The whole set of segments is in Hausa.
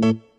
Thank you.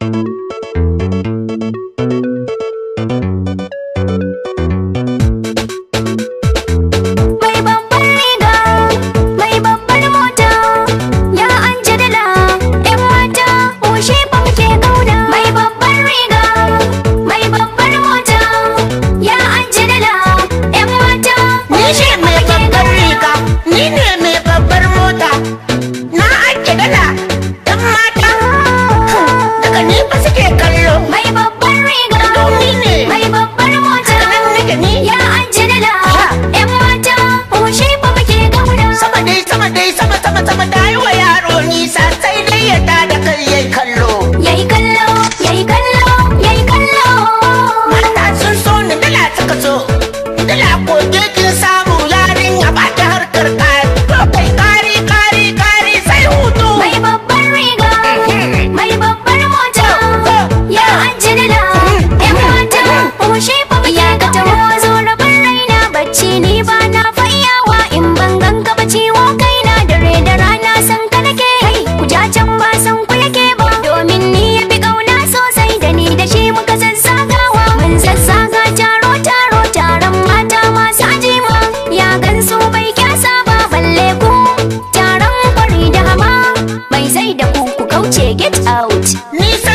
さん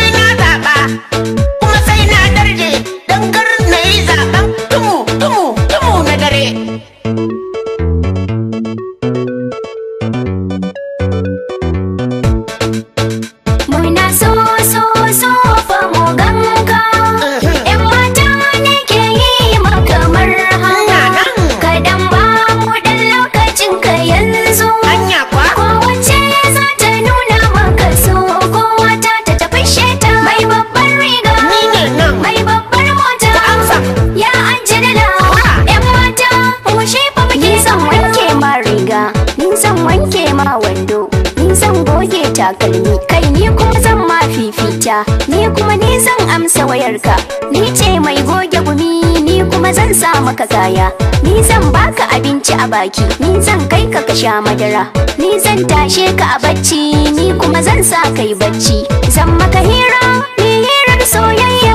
zan goge takalmi kai ni kuma zan ma fifita ni kuma ni zan amsa wayarka ni ce mai goge gumi ni kuma zan sa maka kaya ni zan baka abinci a baki ni zan kai ka ka sha madara ni zan tashe ka a bacci ni kuma zan sa kai bacci zan maka hira ni hirar soyayya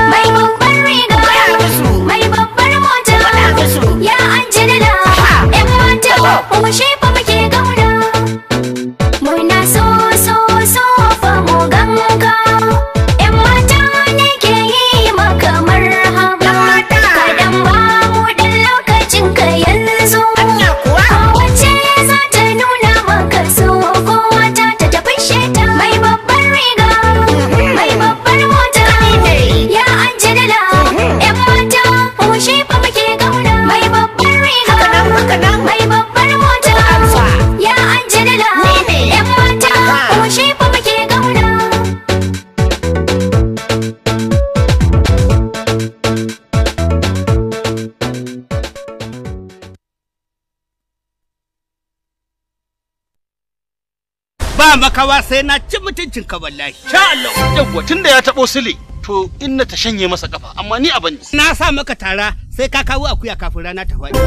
ba makawa sai na ci mutuncin ka wallahi sha Allah yawa tunda ya tabo sile to in na ta shanye masa kafa amma ni abin na sa maka tara sai ka kawo akuya kafin rana ta faɗi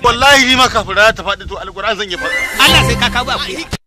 wallahi ni ma kafin rana ta faɗi to alquran zan yi faɗi Allah sai ka kawo akuya